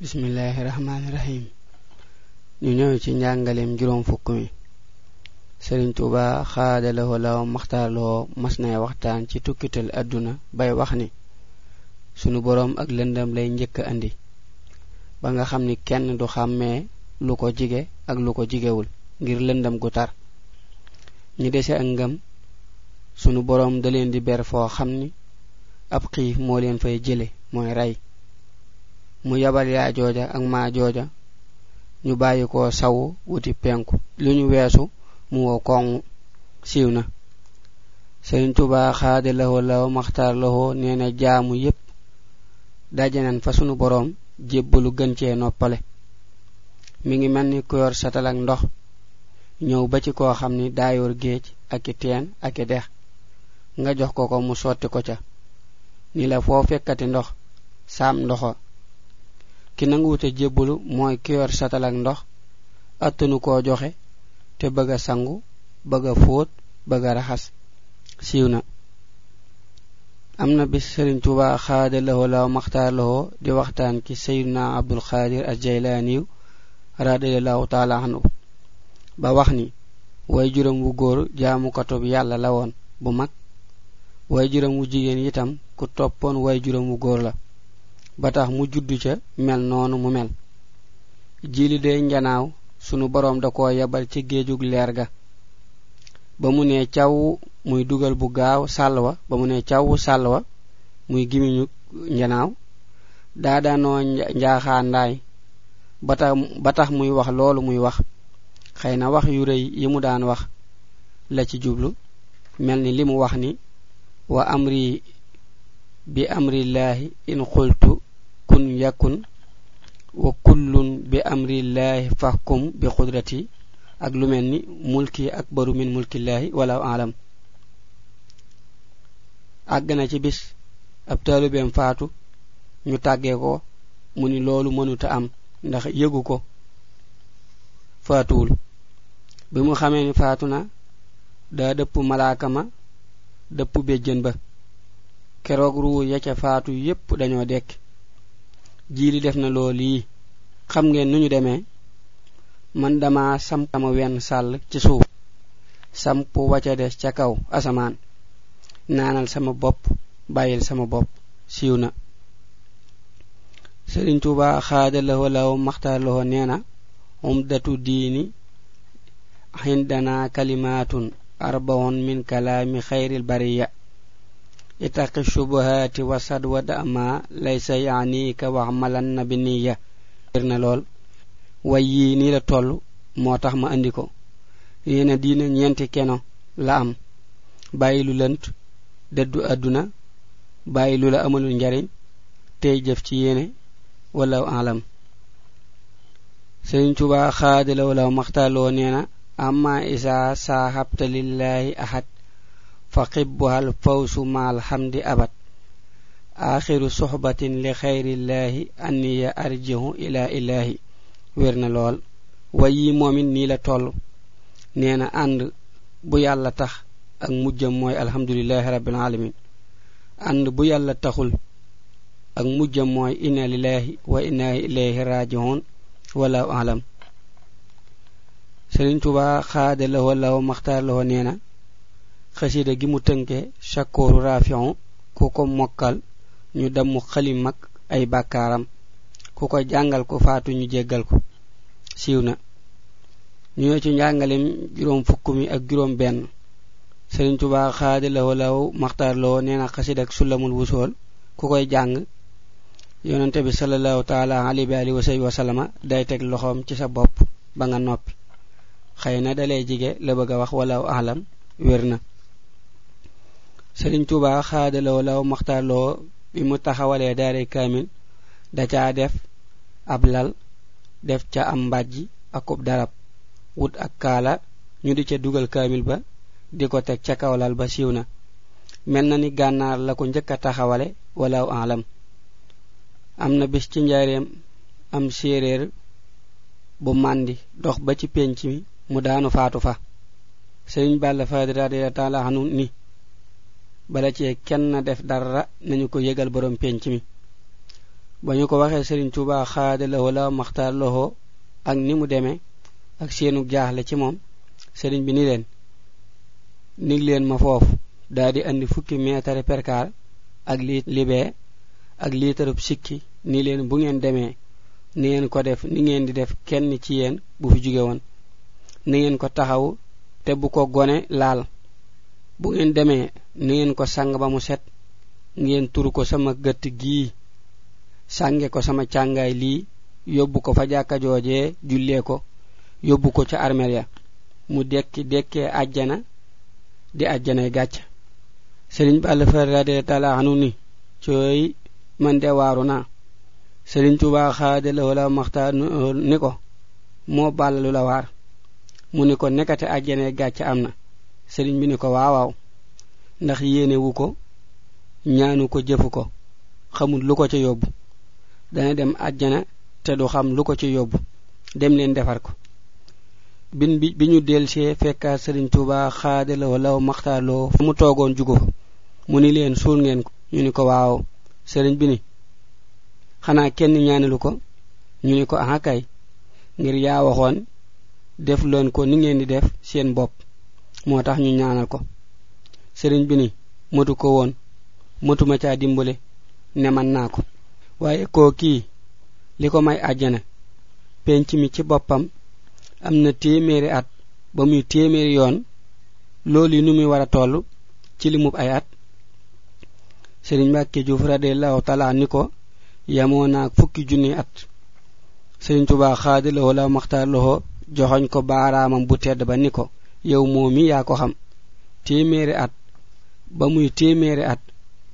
Bismillahirrahmanirrahim. ñu ñëw ci njàngaleem juróom fukk mi sëriñ tuuba xaadalahoo law maxtaarloo mas nay waxtaan ci tukkital àdduna bay wax ni sunu boroom ak lëndam lay njëkk andi ba nga xam ni kenn du xàmmee lu ko jige ak lu ko jigewul ngir lëndam gu tar ñi dese ak ngëm sunu boroom da leen di ber foo xam ni ab xiif moo leen fay jële mooy rey mu yabal yaa jooja ak maa jooja ñu bàyyi koo saw wuti penku lu ñu weesu mu woo kong siiw na sëriñ tuba xaade lahoo law maxtaar lahoo nee na jaamu yépp fa sunu borom jébbalu gën noppale mi ngi mel ni ku satal ak ndox ñëw ba ci koo xam ni daayoor géej ak i teen ak dex nga jox ko ko mu sotti ko ca ni la foo fekkati ndox saam ndoxo ki nanguwute jébbalu mooy ki yor ndox attanu ko joxe te bëgg sangu bëgg a fóot bëgg raxas siiw na am na bis Sëriñ Tuubaa xaada lahoo law maxtaar lahoo di waxtaan ci Seydina Abdul Xaadir al Jaylaaniyu radiallahu taala anhu ba wax ni way juróom wu góor jaamukatub yàlla la woon bu mag way juróom wu jigéen itam ku toppoon way juróom wu góor la ba tax mu juddu ca mel noonu mu mel jili de njanaaw sunu boroom da koo yebal ci géejug leer ga ba mu ne caw muy dugal bu gaaw sàll wa ba mu ne caw sàll wa muy gimiñu njanaaw daa daanoo ndaay ba tax ba tax muy wax loolu muy wax xëy na wax yu rëy yi mu daan wax la ci jublu mel ni li mu wax ni wa amri bi amrillahi in qultu كن يكن وكل بأمر الله فاحكم بقدرتي ak lu melni mulki akbaru min mulkillahi wala alam àgg na ci bis ab taalubeem faatu ñu tàggee ko mu ni loolu mënuta am ndax yëgu ko bi mu xamee ni faatu na dëpp malaaka dëpp béjjën ba keroog ruu ya ca faatu yépp dañoo dekk jiili def na loolii xam ngeen nu ñu demee man dama samp sama wenn sàll ci suuf samp wacca des ca kaw asamaan naanal sama bopp bàyyil sama bopp siiw na sëriñ tuuba xaada law maxtaar na umdatu diini hindana kalimatun arbaun min kalaami xayril bariya itaqi shubuhati اتق wa dama laysa yani ka wa amalan na lool lol wayi ni la tollu motax ma andiko yena dina ñenti keno la am bayilu lent deddu aduna bayilu la amalul njariñ tey jef ci yene wala alam sëriñ tubaa xaadalaw law maxtaloo neena amma isa sahabta lillahi ahad فقبها الفوس مع الحمد أبد آخر صحبة لخير الله أني أرجه إلى إلهي ويرنا لول وي مؤمن نيلا تول نينا أند بو يالا تخ أك مجم موي الحمد لله رب العالمين أند بو يالا تخل أك مجم موي إنا لله وإنا إليه راجعون ولا أعلم سرين توبا خاد له الله مختار له نينا xasida gi mu tënke chakooru rafion ku ko mokkal ñu damu xali mag ay bàkkaaram ku ko jàngal ko faatu ñu jéggal ko siiw na ñu ci njàngalem juróom fukk mi ak juróom benn sëriñ tubaa xaadi lawo law maxtaar lawo nee na xasida ak sulamul wusool ku koy jàng yonente bi salallahu taala ali bi alihi wasabi wasalama day teg loxoom ci sa bopp ba nga noppi xëy na dalee jige la bëgg a wax walaw ahlam wér na sëriñ Tuubaa xaadala law maxtaarloo bi mu taxawalee daare kaamil da caa def ab lal def ca am mbàjj akub darab wut ak kaala ñu di ca dugal kaamil ba di ko teg ca kaw lal ba siiw na mel na ni gànnaar la ko njëkk a taxawale walaaw alam am na bis ci njaareem am séeréer bu màndi dox ba ci pénc mi mu daanu faatu fa sëriñ Balla Faadi radiyallahu taala anhu ni bala ci kenn def dara nañu ko yegal borom penc mi ba ñu ko waxe serigne touba xaada loxo la maxtaar loxo ak ni mu demee ak seenu jaaxle ci mom serigne bi ni len ni leen ma fof daa di andi fukki metare perkaar ak li libé ak litre sikki ni leen bu ngeen demee ni ngeen ko def ni ngeen di def kenn ci yeen bu fi jóge won ni ngeen ko taxaw te bu ko gone laal bu ngeen demee ni ngeen ko sang ba mu set ngeen turu ko sama gëtt gii sange ko sama càngaay lii yóbbu ko fa jàkka joojee ko yóbbu ko ca armeel ya. mu dekki dekkee àjjana di àjjanay e gàcc sëriñ bàll far radiallahu anhu ni man de waaru naa sëriñ tubaa xaade la wala maxtaar ni ko moo la waar mu ni nekate nekkate àjjanay e amna am na sëriñ bi ni ko waawaaw ndax wu ko ñaanu ko jëfu ko xamul lu ko ca yóbbu dana dem àjjana te du xam lu ko ca yóbbu dem leen defar ko bin bi bi ñu delsee fekkaat serigne touba xaadaloo law maxtaaloo fu mu toogoon jugo mu ni leen suul ngeen ko ñu ni ko waaw serigne bi ni xanaa kenn ñaanalu ko ñu ni ko aha kay ngir yaa waxoon def loon ko ni ngeen di def seen bopp moo tax ñu ñaanal ko sëriñ bi ni mëtu ko woon mëtuma caa dimbale ne man naa ko waaye koo kii li ko may àjjana penc mi ci boppam am na téeméeri at ba muy téeméeri yoon loolu nu muy war a toll ci limub ay at sëriñ mbàkke juuf radiallahu taala ni ko yamoo naa fukki junniy at sëriñ tubaa xaadi loxo law maxtaar loxo joxoñ ko baaraamam bu tedd ba ni ko yow moo mi yaa ko xam téeméeri at ba muy téeméeri at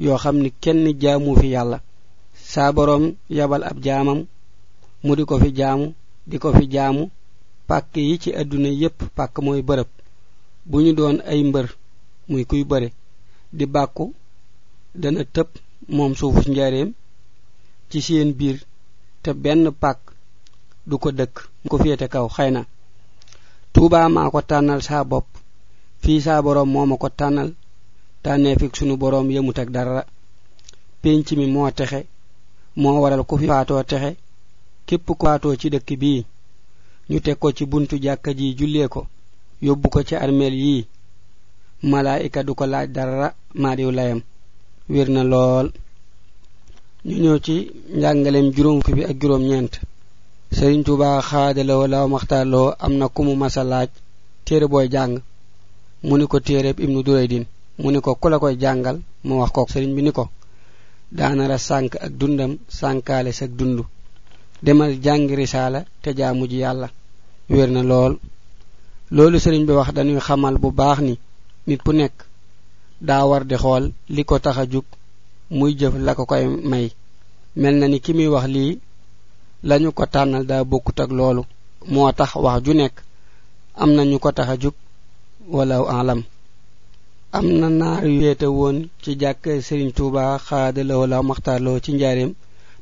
yoo xam ni kenn jaamu fi yàlla saa borom yabal ab jaamam mu di ko fi jaamu di ko fi jaamu pàkk yi ci àdduna yépp pàkk mooy bërëb bu ñu doon ay mbër muy kuy bëre di bàkku dana tëb moom suufu njaareem ci seen biir te benn pàkk du ko dëkk mu ko féete kaw xëy na tuubaa maa ko tànnal saa bopp fii saa borom moo ma ko tànnal tànneefig sunu boroom yemut ak dara pénc mi moo texe moo waral ku fi faatoo texe képp ku faatoo ci dëkk bii ñu teg ko ci buntu jàkka ji jullee ko yóbbu ko ci armeel yii malaayika du ko laaj dara maadiw layam wér na lool ñu ñëw ci njàngaleem juróom fi bi ak juróom ñeent sëriñ tuuba xaadaloo law maxtaaloo am na ku mu masa laaj téere booy jàng mu ni ko téereeb ibnu duraydin mu ni ko ku la koy jàngal mu wax kook sëriñ bi ni ko daana la sànk ak dundam sànkaale sa dund demal jàngi risaala te jaamu ji yàlla wér na lool loolu sëriñ bi wax dañuy xamal bu baax ni nit bu nekk daa war di xool li ko tax a jug muy jëf la ko koy may mel na ni ki muy wax lii lañu ko tànnal daa bokkut ak loolu moo tax wax ju nekk am na ñu ko tax a jug walaw alam am na naar yu féete woon ci jàkk sëriñ Touba xaada lawoo la maxtaarloo ci njaareem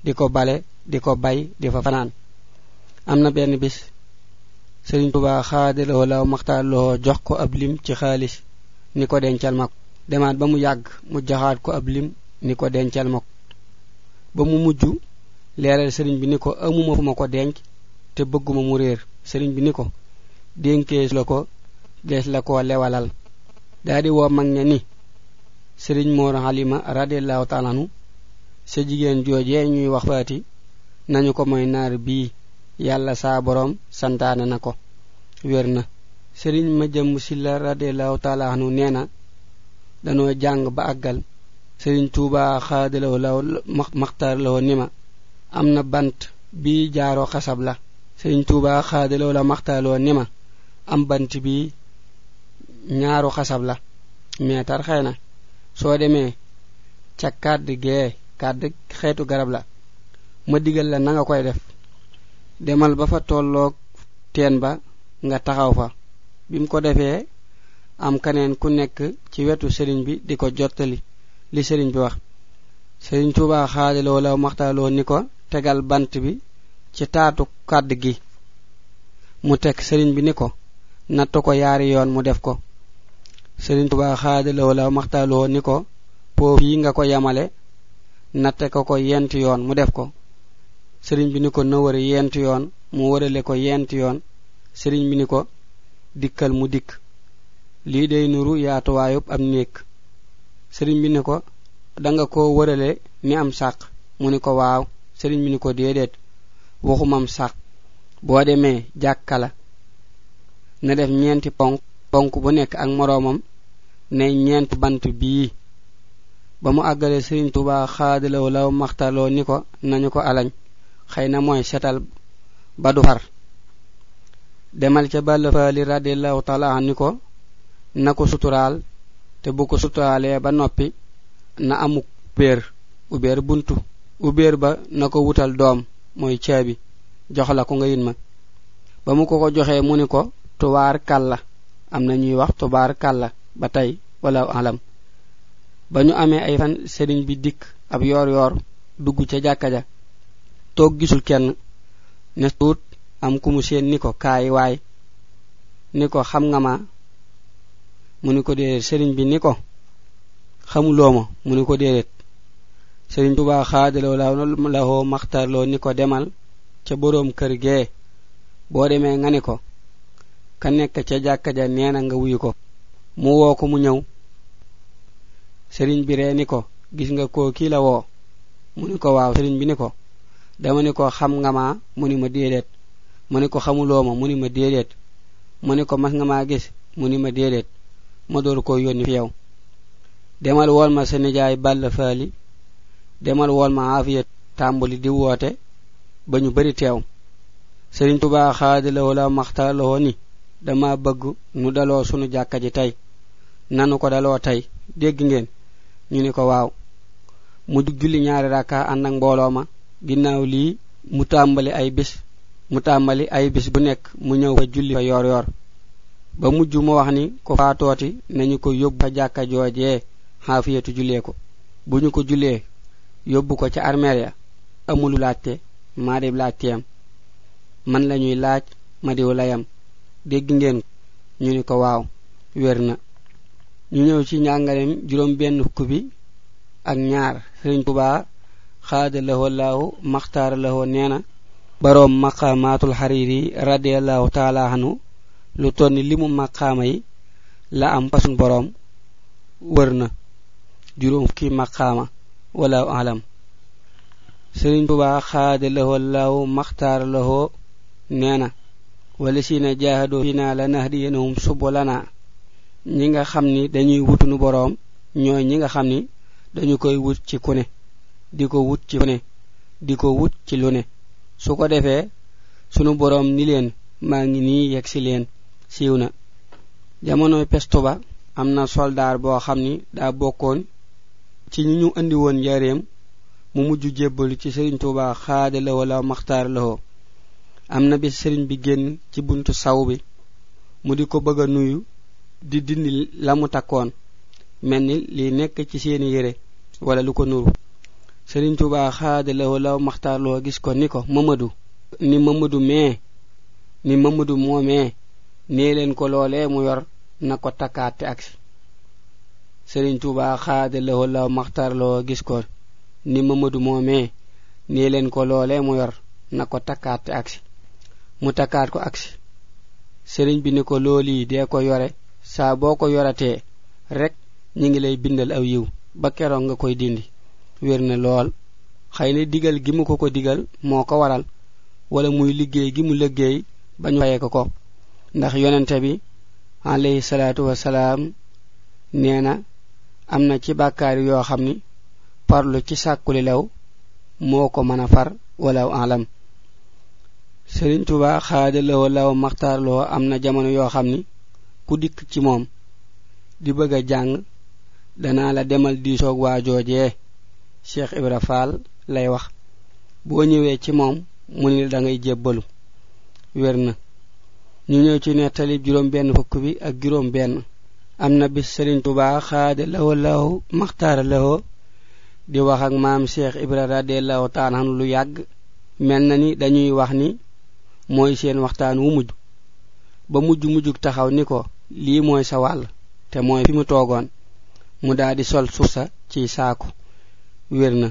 di ko bale di ko bay di fa fanaan am na benn bis sëriñ Touba xaada lawoo la maxtaarloo jox ko ab lim ci xaalis ni ko dencal ma ko demaat ba mu yàgg mu joxaat ko ab lim ni ko dencal ma ko ba mu mujj leeral sëriñ bi ni ko amuma fu ma ko denc te bëgguma mu réer sëriñ bi ni ko dénkee la ko dees la ko lewalal daldi woo mag ne ni sëriñ moor halima radiallahu taala nu sa jigéen joojee ñuy wax faati nañu ko mooy naar bii yàlla saa boroom santaane na ko wér na sëriñ ma jëmm si la radiallahu taala nu nee na danoo jàng ba àggal sëriñ Touba xaadalaw law maxtaar law ni ma am na bant bi jaaroo xasab la sëriñ Touba xaadalaw la maxtaarloo ni ma am bant bi ñaaru xasab la tar xëy na soo demee ca kàdd gee kàdd xeetu garab la ma digal la na nga koy def demal ba fa tolloog teen ba nga taxaw fa bi mu ko defee am kaneen ku nekk ci wetu sëriñ bi di ko jottali li sëriñ bi wax sëriñ Tuubaa xaadaloo la maxtaaloo ni ko tegal bant bi ci taatu kàdd gi mu teg sëriñ bi ni ko natt ko yaari yoon mu def ko sëriñ tuba xaadaloo la maxtaaloo ni ko poof yi nga ko yamale natte ko ko yent yoon mu def ko sëriñ bi ni ko na wër yent yoon mu wërale ko yent yoon sëriñ bi ni ko dikkal mu dikk lii day nuru yaatuwaayub am néeg sëriñ bi ni ko danga ko wërale ni am sàq mu ni ko waaw sëriñ bi ni ko déedéet am sàq boo demee jàkka na def ñeenti ponk ponk bu nekk ak moroomam ne ñeent bant bii ba mu àggale sëriñ tuba xaadalaw law maxtaloo ni ko nañu ko alañ xëy na mooy setal ba du far demal ca bàllfaali radiallahu taala ni ko na ko suturaal te bu ko suturaalee ba noppi na amu. ubéer ubéer buntu ubéer ba na ko wutal doom mooy caabi jox la ko nga yin ma ba mu ko ko joxee mu ni ko tubaar kàlla am na ñuy wax tubaar kàlla ba tey wala alam ba ñu amee ay fan sëriñ bi dikk ab yor-yor dugg ca jàkka ja toog gisul kenn ne tuut am ku mu seen ni ko kaay waay ni ko xam nga ma mu ni ko déedéet sëriñ bi ni ko xamuloo ma mu ni ko déedéet sëriñ tuba xaadaloo la lahoo maxtarloo ni ko demal ca boroom kër gee boo demee nga ni ko ka nekk ca jàkka ja nee na nga wuyu ko mu woo ko mu ñëw sëriñ bi ree ni ko gis nga koo kii la woo mu ni ko waaw sëriñ bi ni ko dama ni ko xam nga maa mu ni ma déedéet ma ni ko xamuloo ma mu ni ma déedéet ma ni ko mas nga maa gis mu ni ma déedéet ma door koo yónni fi yow demal wol ma sa nijaay bàll faali demal wol ma aafiya tàmbali di woote ba ñu bari teew sëriñ tubaa xaadalawoo la wala la ni dama bëgg nu daloo sunu jàkka ji tey nanu ko daloo tey dégg ngeen ñu ni ko waaw mu dugg julli ñaari rakka ànd ak mbooloo ma ginnaaw lii mu tàmbali ay bis mu tàmbali ay bis bu nekk mu ñëw fa julli fa yor yor ba mujj mu wax ni ko faatooti nañu ko yóbbu fa jàkka joojee xaafiyatu jullee ko bu ñu ko jullee yóbbu ko ca armeria amul laajte maa dib laajteem man la ñuy laaj ma diw layam dégg ngeen ñu ni ko waaw wér na ñu ñëw ci njàngaleem juróom benn fukk bi ak ñaar sëriñ tubaa xaada lahoo laahu maxtaara lahoo nee na boroom maqaamaatul xariiri radiallahu taala anu lu tonni limu maqaama yi la am pasun boroom wër na juróom fukki maqaama walaahu alam sëriñ tubaa xaada lahoo laahu maxtaara lahoo nee na walisina jaahadoo fina lanahdiyannahum subulana ñi nga xam ni dañuy wutunu boroom ñooy ñi nga xam ni dañu koy wut ci ku ne di ko wut ci ku ne di ko wut ci lu ne su ko defee sunu boroom ni leen maa ngi nii yegg si leen siiw na jamono pestu ba am na soldaar boo xam ni daa bokkoon ci ñi ñu andi woon njareem mu mujj jébbalu ci sëriñ tuuba xaada la wala maxtaar la am na bi sëriñ bi génn ci buntu saw bi mu di ko bëgg a nuyu di dindi la mu takkoon mel ni li nekk ci seeni yére wala lu ko nuru sëriñ tuba xaadalawo law maxtaarloo gis ko ni ko mamadu ni mamadu mee ni mamadu moomee nee leen ko loolee mu yor na ko takkaat te agsi sëriñ tuba xaadalawo law maxtaarloo gis ko ni mamadu moomee nee leen ko loolee mu yor na ko takkaat mu takkaat ko agsi sëriñ bi ni ko loolu yi dee ko yore saa boo ko yoratee rek ñi ngi lay bindal aw yiw ba keroog nga koy dindi wér ne lool xëy na digal gi mu ko ko digal moo ko waral wala muy liggéey gi mu liggéey ba ñu fayee ko ko ndax yonente bi alayhi salaatu wasalaam nee na am na ci bàkkaar yoo xam ni parlu ci sàkkuli lew moo ko mën a far walaw alam Sëriñ Tuubaa xaadalawoo law maxtaarloo am na jamono yoo xam ni ku dikk ci moom di bëgg a jàng danaa la demal diisoog waa joojee Cheikh Ibra Fall lay wax boo ñëwee ci moom mu ni da ngay jébbalu wér na ñu ñëw ci nettali juróom benn fukk bi ak juróom benn am na bis Sëriñ Tuubaa xaada lawo law maxtaara lawo di wax ak maam Cheikh Ibra radiyallahu taala lu yàgg mel na ni dañuy wax ni mooy seen waxtaan wu mujj ba mujj mujjug taxaw ni ko lii mooy sa wàll te mooy fi mu toogoon mu daa di sol suusa ci saako wér na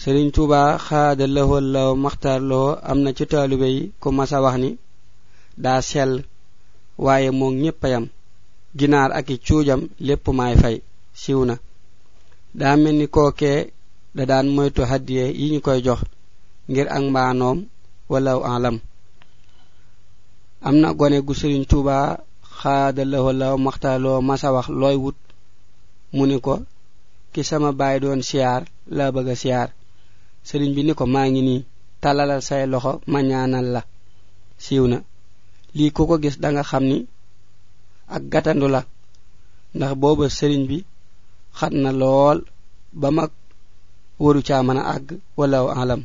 sëriñ tuuba xaada lawo law maxtaar loo am na ci taalube yi ku masa wax ni daa sell waaye moog ñëppayam ginaar ak i cuujam lépp maay fay siw na daa mel ni kookee da daan moytu haddiye yi ñu koy jox ngir ak mbaanoom wallahu a'lam amna gone gu serigne touba khadalahu law maxtalo massa wax loy wut muniko kesama ko ki sama baay doon siar la bëgg siar serigne bi niko ko ni talala talalal say loxo ma ñaanal la siwna li lii ko gis da nga xamni ak gatandu la ndax booba serigne bi xatna lol bama ba mag waru ag mën alam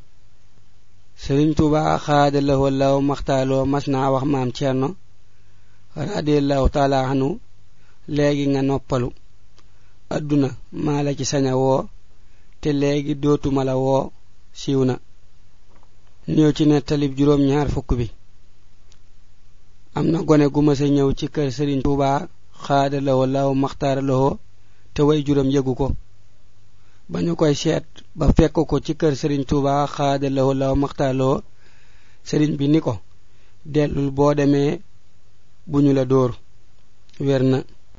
serigne touba khadalahu law maktalo mas naa wax maam cerno radiallahu taala anhu legi nga noppalu aduna mala la ci saña woo te legi dotuma la woo siwna ñew ci ne talib jurom ñaar fukk bi am na gone gu ma sa ñëw ci kër serigne touba khadalahu law maktalo te way jurom yeguko ko ba ñu koy seet ba fekk ko ci kër sëriñ tuuba xaadaloo law maxtaaloo sëriñ bi ni ko dellul boo demee bu ñu la dóor wér na